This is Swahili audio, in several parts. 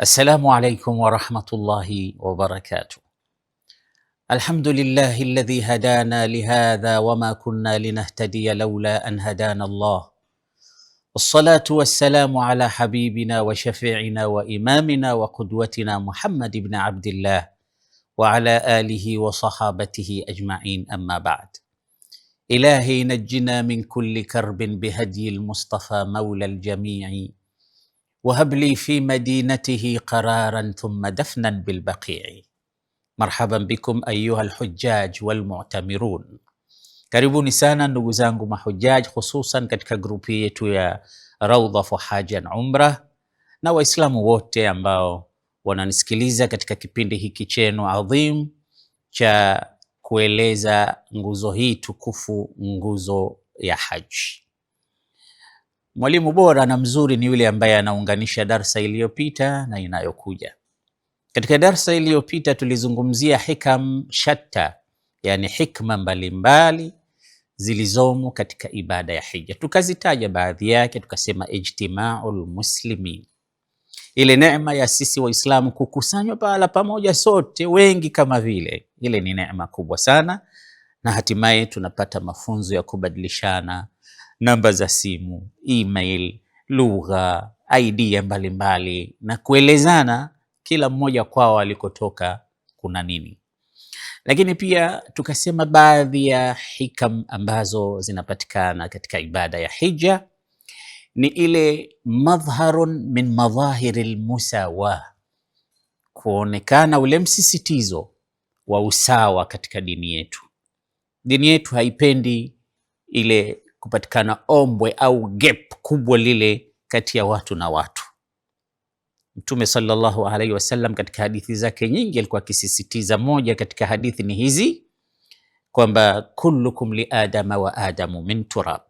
السلام عليكم ورحمه الله وبركاته الحمد لله الذي هدانا لهذا وما كنا لنهتدي لولا ان هدانا الله والصلاه والسلام على حبيبنا وشفيعنا وامامنا وقدوتنا محمد بن عبد الله وعلى اله وصحابته اجمعين اما بعد الهي نجنا من كل كرب بهدي المصطفى مولى الجميع وهب لي في مدينته قرارا ثم دفنا بالبقيع مرحبا بكم ايها الحجاج والمعتمرون كاريبوني سانا نوزانغو ما حجاج خصوصا كتك يا روضة فحاجا عمرة نو اسلام ووتي امباو وانا katika kipindi hiki chenu عظيم cha kueleza nguzo hii tukufu nguzo ya haji Mwalimu bora na mzuri ni yule ambaye anaunganisha darsa iliyopita na inayokuja. Katika darsa iliyopita tulizungumzia hikam shatta, yani hikma mbalimbali zilizomo katika ibada ya hija. Tukazitaja baadhi yake, tukasema ijtimaul muslimin, ile neema ya sisi Waislamu kukusanywa pahala pamoja sote wengi kama vile, ile ni neema kubwa sana, na hatimaye tunapata mafunzo ya kubadilishana namba za simu, email, lugha, idea mbalimbali na kuelezana kila mmoja kwao alikotoka kuna nini. Lakini pia tukasema baadhi ya hikam ambazo zinapatikana katika ibada ya hija ni ile madharun min madhahiri lmusawa, kuonekana ule msisitizo wa usawa katika dini yetu. Dini yetu haipendi ile kupatikana ombwe au gap kubwa lile kati ya watu na watu. Mtume sallallahu alaihi wasallam katika hadithi zake nyingi alikuwa akisisitiza, moja katika hadithi ni hizi kwamba kullukum li adama wa adamu min turab,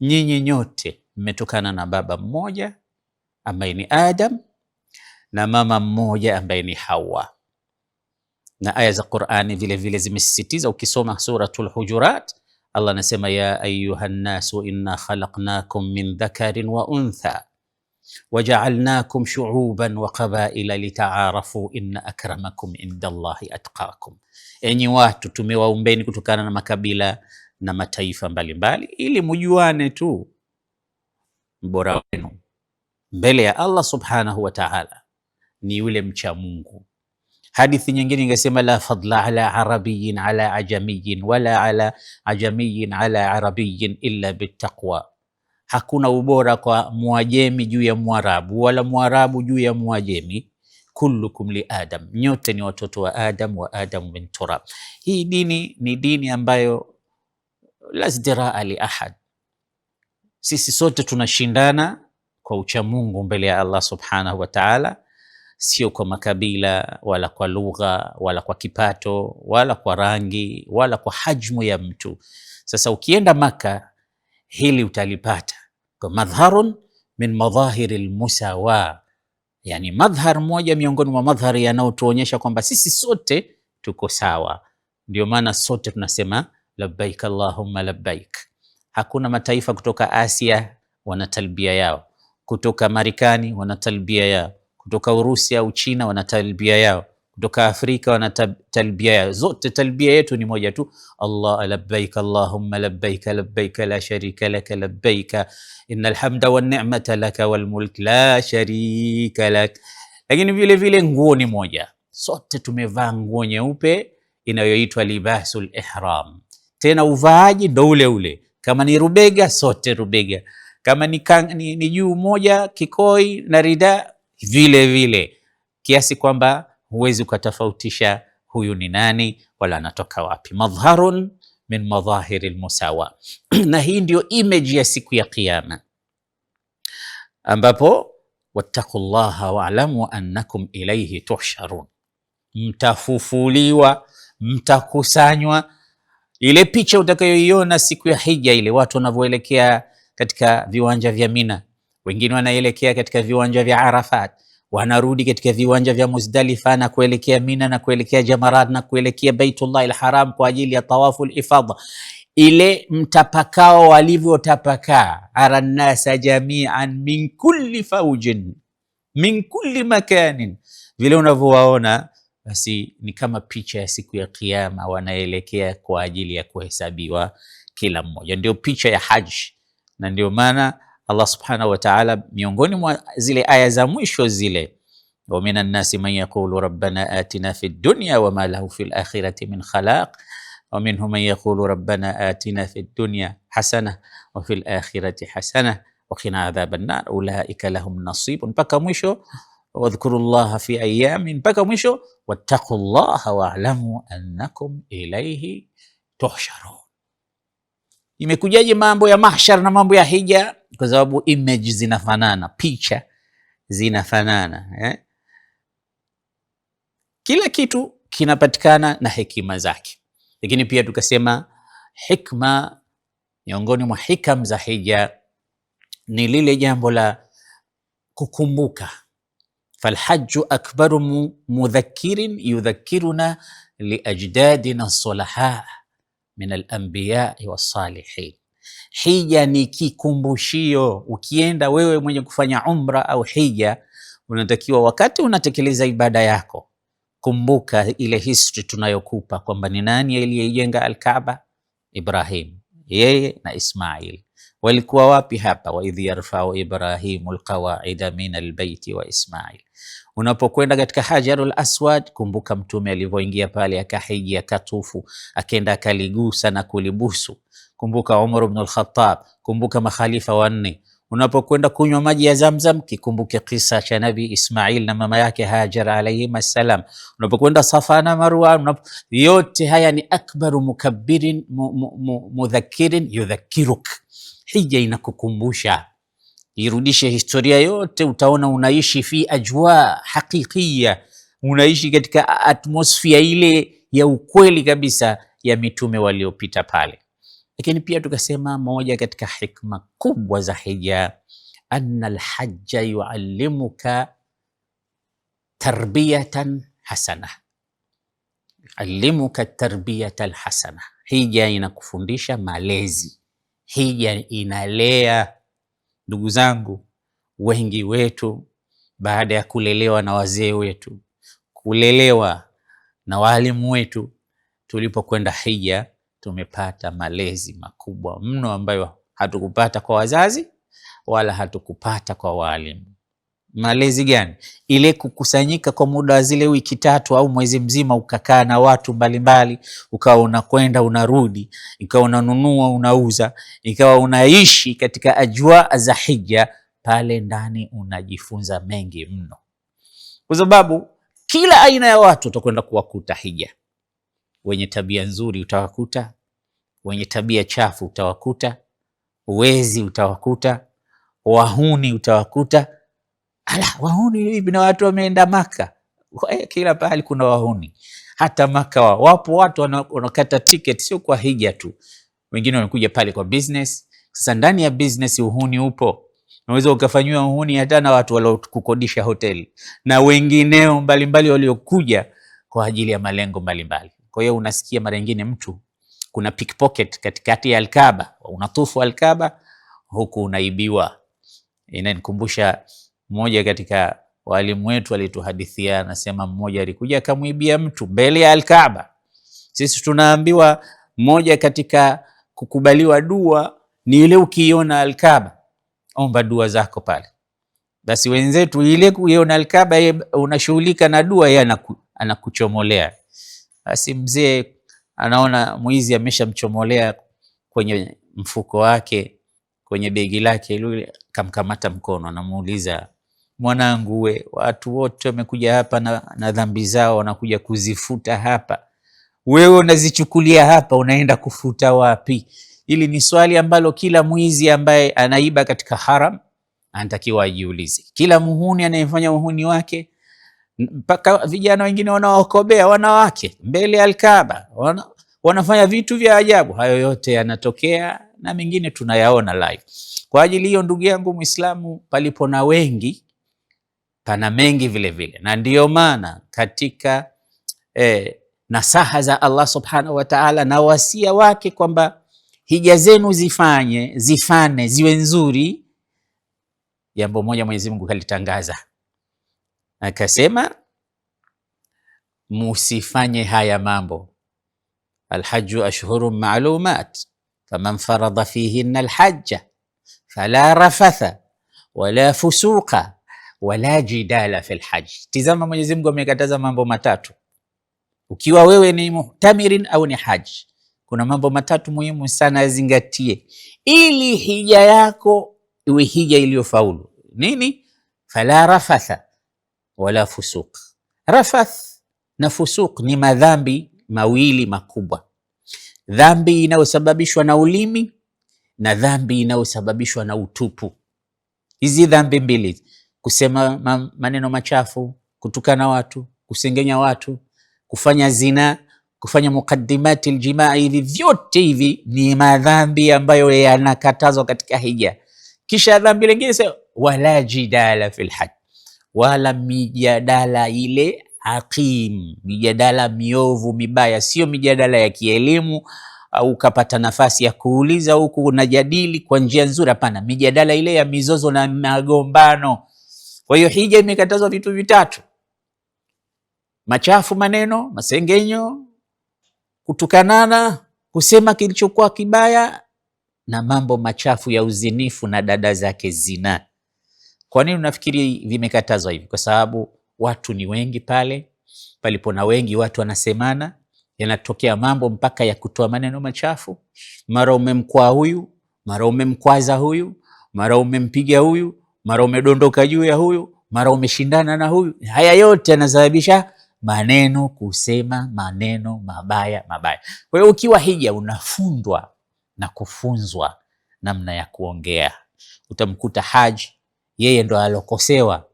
nyinyi nyote mmetokana na baba mmoja ambaye ni Adam na mama mmoja ambaye ni Hawa. Na aya za Qur'ani vile vile zimesisitiza, ukisoma Suratul Hujurat Allah anasema ya ayuha ayuhannasu inna khalaqnakum min dhakarin wa untha wajaalnakum shuuban wa qabaila litaarafu inna akramakum indallahi atqakum, enyi watu tumewaumbeni kutokana na makabila na mataifa mbalimbali mbali, ili mujuane tu mbora wenu mbele ya Allah subhanahu wa ta'ala ni yule mcha Mungu Hadithi nyingine ingesema la fadla ala arabiyin ala ajamiyin wala ala ajamiyin ala arabiyin illa bittaqwa, hakuna ubora kwa mwajemi juu ya mwarabu wala mwarabu juu ya mwajemi. Kullukum li Adam, nyote ni watoto wa Adam wa Adam min turab. Hii dini ni dini ambayo la zdiraa li ahad, sisi sote tunashindana kwa uchamungu mbele ya Allah subhanahu wa ta'ala sio kwa makabila wala kwa lugha wala kwa kipato wala kwa rangi wala kwa hajmu ya mtu. Sasa ukienda Maka hili utalipata kwa madharun min madhahiri lmusawa, yani madhhar moja miongoni mwa madhari yanayotuonyesha kwamba sisi sote tuko sawa. Ndio maana sote tunasema labbaik allahumma labbaik. Hakuna mataifa kutoka Asia wana talbia yao, kutoka Marekani wana talbia yao kutoka Urusi au China wana talbia yao, kutoka Afrika wana talbia yao. Zote talbia yetu ni moja tu, Allah labbaik allahumma labbaik labbaik la sharika lak labbaik innal hamda wan ni'mata laka wal mulk la sharika lak. Lakini vile vile nguo ni moja, sote tumevaa nguo nyeupe inayoitwa libasul ihram. Tena uvaaji ndo ule ule, kama ni rubega sote rubega, kama ni, kan, ni, ni juu moja kikoi na rida vile vile, kiasi kwamba huwezi ukatofautisha huyu ni nani wala anatoka wapi. Madharun min madhahiri almusawa na hii ndio image ya siku ya Kiyama, ambapo wattaqullaha walamu annakum ilayhi tuhsharun, mtafufuliwa mtakusanywa. Ile picha utakayoiona siku ya hija ile, watu wanavyoelekea katika viwanja vya Mina wengine wanaelekea katika viwanja vya Arafat, wanarudi katika viwanja vya Muzdalifa na kuelekea Mina na kuelekea Jamarat na kuelekea Baitullah al-Haram kwa ajili ya tawafu lifadha. Ile mtapakao walivyotapakaa, ara jamian min kulli faujin min kulli makanin, vile unavyowaona basi ni kama picha ya siku ya Kiyama, wanaelekea kwa ajili ya kuhesabiwa kila mmoja. Ndio picha ya haji na ndio maana Allah subhanahu wa ta'ala, miongoni mwa zile aya za mwisho zile, wa minan nasi man yaqulu rabbana atina fid dunya wama lahu fil akhirati min khalaq wa minhum man yaqulu rabbana atina fid dunya hasana wa fil akhirati hasana wa qina adhaban nar ulaika lahum nasibun, mpaka mwisho wadhkuru llaha fi ayamin, mpaka mwisho wattaqullaha wa'lamu annakum ilayhi tuhsharun. Imekujaje mambo ya mahshar na mambo ya hija? Kwa sababu image zinafanana, picha zinafanana eh? Kila kitu kinapatikana na hekima zake, lakini pia tukasema hikma, miongoni mwa hikam za hija ni lile jambo la kukumbuka, falhaju akbaru mudhakirin yudhakiruna liajdadina salaha min alambiyai wasalihin. Hija ni kikumbushio. Ukienda wewe mwenye kufanya umra au hija, unatakiwa wakati unatekeleza ibada yako kumbuka ile history tunayokupa kwamba ni nani aliyeijenga alkaba Ibrahim, yeye na Ismail walikuwa wapi hapa? waidh yarfau ibrahimu lqawaida min albaiti wa Ismail Unapokwenda katika Hajarul Aswad, kumbuka Mtume alivyoingia pale akahiji akatufu, akenda akaligusa na kulibusu. Kumbuka Umar ibn al-Khattab, kumbuka makhalifa wanne. Unapokwenda kunywa maji ya Zamzam, kikumbuke kisa cha Nabii Ismail na mama yake Hajar alayhim assalam. Unapokwenda Safa na Marwa, yote haya ni akbaru mukabbirin mudhakirin yudhakiruk, hija inakukumbusha irudishe historia yote, utaona unaishi fi ajwa haqiqiya, unaishi katika atmosfia ile ya ukweli kabisa ya mitume waliopita pale. Lakini pia tukasema moja katika hikma kubwa za hija, anna alhajja yuallimuka tarbiyatan hasana, yuallimuka tarbiyata alhasana. Hija inakufundisha malezi, hija inalea Ndugu zangu, wengi wetu baada ya kulelewa na wazee wetu, kulelewa na waalimu wetu, tulipokwenda hija tumepata malezi makubwa mno ambayo hatukupata kwa wazazi wala hatukupata kwa waalimu. Malezi gani? Ile kukusanyika kwa muda wa zile wiki tatu au mwezi mzima, ukakaa na watu mbalimbali, ukawa unakwenda unarudi, ikawa unanunua unauza, ikawa unaishi katika ajwa za hija. Pale ndani unajifunza mengi mno, kwa sababu kila aina ya watu utakwenda kuwakuta hija. Wenye tabia nzuri utawakuta, wenye tabia chafu utawakuta, uwezi utawakuta, wahuni utawakuta Ala, wahuni hivi na watu wameenda Maka. Kila pahali kuna wahuni, hata Maka wa. Wapo watu wanakata tiketi, sio kwa hija tu, wengine wanakuja pale kwa business. Sasa ndani ya business uhuni upo, unaweza ukafanyiwa uhuni hata na watu waliokukodisha hoteli na wengineo mbalimbali waliokuja kwa ajili ya malengo mbalimbali. Kwa hiyo unasikia mara nyingine mtu kuna pickpocket katikati ya Alkaba, unatufu Alkaba huku unaibiwa. Inanikumbusha mmoja katika walimu wetu alituhadithia, anasema mmoja alikuja akamwibia mtu mbele ya Alkaaba. Sisi tunaambiwa mmoja katika kukubaliwa dua ni ile ukiiona Alkaaba, omba dua zako pale. Basi wenzetu ile kuiona Alkaaba unashughulika na dua, yeye anaku, anakuchomolea. Basi mzee anaona mwizi ameshamchomolea kwenye mfuko wake, kwenye begi lake, yule kamkamata mkono, anamuuliza mwanangu we, watu wote wamekuja hapa na, na dhambi zao wanakuja kuzifuta hapa, wewe unazichukulia hapa, unaenda kufuta wapi? Hili ni swali ambalo kila mwizi ambaye anaiba katika haram anatakiwa ajiulize, kila muhuni anayefanya uhuni wake, mpaka vijana wengine wanaokobea wanawake mbele ya Alkaba wana, wanafanya vitu vya ajabu. Hayo yote yanatokea na mengine tunayaona live. Kwa ajili hiyo, ndugu yangu Muislamu, palipo na wengi pana mengi vile vile, na ndiyo maana katika eh, nasaha za Allah subhanahu wa ta'ala na wasia wake kwamba hija zenu zifanye zifane ziwe nzuri, jambo moja Mwenyezi Mungu kalitangaza akasema, musifanye haya mambo alhaju ashhurun ma'lumat faman farada fihinna alhajja fala rafatha wala fusuqa wala jidala fi lhaj. Tizama, Mwenyezi Mungu amekataza mambo matatu, ukiwa wewe ni muhtamirin au ni haji. Kuna mambo matatu muhimu sana yazingatie, ili hija yako iwe hija iliyofaulu. Nini? Fala rafatha wala fusuq. Rafath na fusuq ni madhambi mawili makubwa, dhambi inayosababishwa na ulimi na dhambi inayosababishwa na utupu. Hizi dhambi mbili kusema maneno machafu, kutukana watu, kusengenya watu, kufanya zina, kufanya mukaddimati ljimaa. Hivi vyote hivi ni madhambi ambayo yanakatazwa katika hija. Kisha dhambi lingine sema, wala jidala fil haj, wala mijadala ile aqim, mijadala miovu mibaya, sio mijadala ya kielimu au ukapata nafasi ya kuuliza huku unajadili kwa njia nzuri. Hapana, mijadala ile ya mizozo na magombano kwa hiyo hija imekatazwa vitu vitatu: machafu maneno, masengenyo, kutukanana, kusema kilichokuwa kibaya na mambo machafu ya uzinifu na dada zake zina. Kwa nini unafikiri vimekatazwa hivi? Kwa sababu watu ni wengi pale, palipo na wengi watu wanasemana, yanatokea mambo mpaka ya kutoa maneno machafu. Mara umemkwaa huyu, mara umemkwaza huyu, mara umempiga huyu, mara umedondoka juu ya huyu, mara umeshindana na huyu. Haya yote yanasababisha maneno, kusema maneno mabaya mabaya. Kwa hiyo ukiwa hija, unafundwa na kufunzwa namna ya kuongea. Utamkuta haji yeye ndo alokosewa,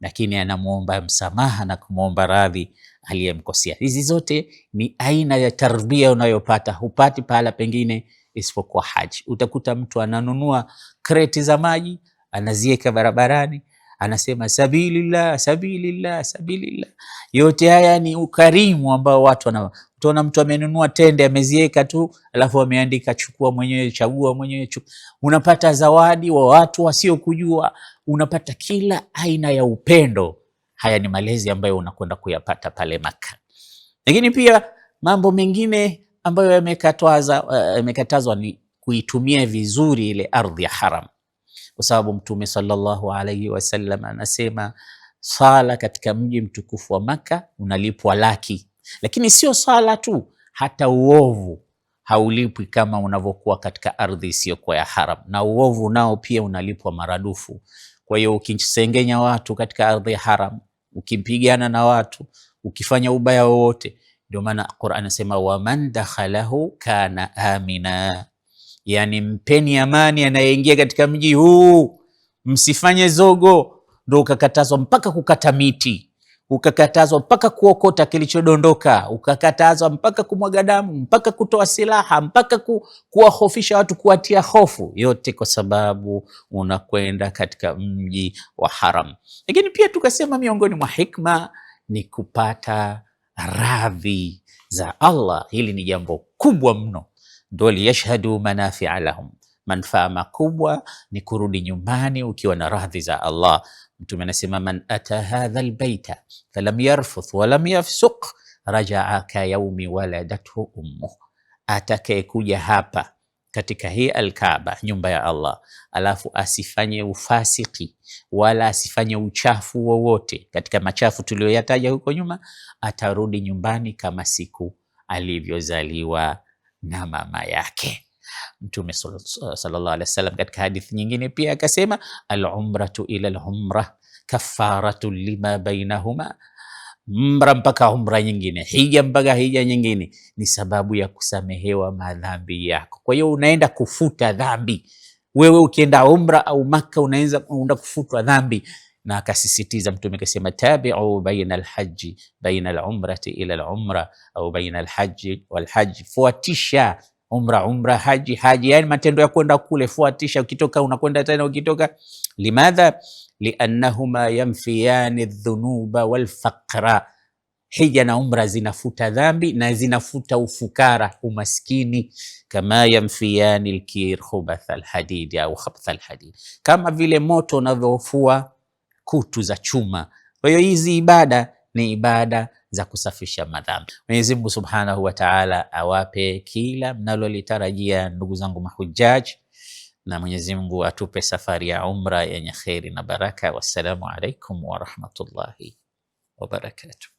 lakini anamwomba msamaha na kumwomba radhi aliyemkosea. Hizi zote ni aina ya tarbia unayopata, hupati pahala pengine isipokuwa haji. Utakuta mtu ananunua kreti za maji anazieka barabarani, anasema sabilillah, sabilillah, sabilillah. Yote haya ni ukarimu ambao watu wana. Utaona mtu amenunua tende amezieka tu, alafu ameandika chukua mwenyewe, chagua mwenyewe, chukua. Unapata zawadi wa watu wasiokujua, unapata kila aina ya upendo. Haya ni malezi ambayo unakwenda kuyapata pale Maka, lakini pia mambo mengine ambayo yamekatazwa, uh, eh, yamekatazwa ni kuitumia vizuri ile ardhi ya haram kwa sababu Mtume sallallahu alaihi wasallam anasema sala katika mji mtukufu wa Maka unalipwa laki. Lakini sio sala tu, hata uovu haulipwi kama unavyokuwa katika ardhi isiyokuwa ya haram, na uovu nao pia unalipwa maradufu. Kwa hiyo ukisengenya watu katika ardhi ya haram, ukipigana na watu, ukifanya ubaya wowote, ndio maana Qur'an anasema waman dakhalahu kana amina yani mpeni amani anayeingia katika mji huu, msifanye zogo. Ndo ukakatazwa mpaka kukata miti, ukakatazwa mpaka kuokota kilichodondoka, ukakatazwa mpaka kumwaga damu, mpaka kutoa silaha, mpaka ku, kuwahofisha watu, kuwatia hofu, yote kwa sababu unakwenda katika mji wa haram. Lakini pia tukasema miongoni mwa hikma ni kupata radhi za Allah. Hili ni jambo kubwa mno dol yashhadu manafia lahum, manfaa makubwa ni kurudi nyumbani ukiwa na radhi za Allah. Mtume anasema man ata hadha albaita falam yarfuth walam yafsuq rajaa ka yaumi waladathu ummuh, atakayekuja hapa katika hii Alkaaba, nyumba ya Allah, alafu asifanye ufasiki wala asifanye uchafu wowote katika machafu tuliyoyataja huko nyuma, atarudi nyumbani kama siku alivyozaliwa na mama yake. Mtume sallallahu alaihi wasallam katika hadithi nyingine pia akasema, alumratu ila lumra kafaratu lima bainahuma, mra mpaka umra nyingine, hija mpaka hija nyingine, ni sababu ya kusamehewa madhambi yako. Kwa hiyo unaenda kufuta dhambi wewe ukienda umra au Maka unaenda kufutwa dhambi na akasisitiza Mtume akasema, tabiu baina alhaji baina alumrati ila alumra au baina alhaji walhaji, fuatisha umra umra, haji haji, yani matendo ya kwenda kule, fuatisha, ukitoka unakwenda tena, ukitoka. Limadha liannahuma yanfiyani dhunuba walfaqra, hija na umra zinafuta dhambi na zinafuta ufukara, umaskini. Kama yanfiyani lkir khubath alhadid au khabth alhadid, kama vile moto unavyofua kutu za chuma. Kwa hiyo hizi ibada ni ibada za kusafisha madhambi. Mwenyezi Mungu Subhanahu wa Ta'ala awape kila mnalolitarajia ndugu zangu mahujaji, na Mwenyezi Mungu atupe safari ya umra yenye kheri na baraka. Wassalamu alaikum wa rahmatullahi wa barakatuh.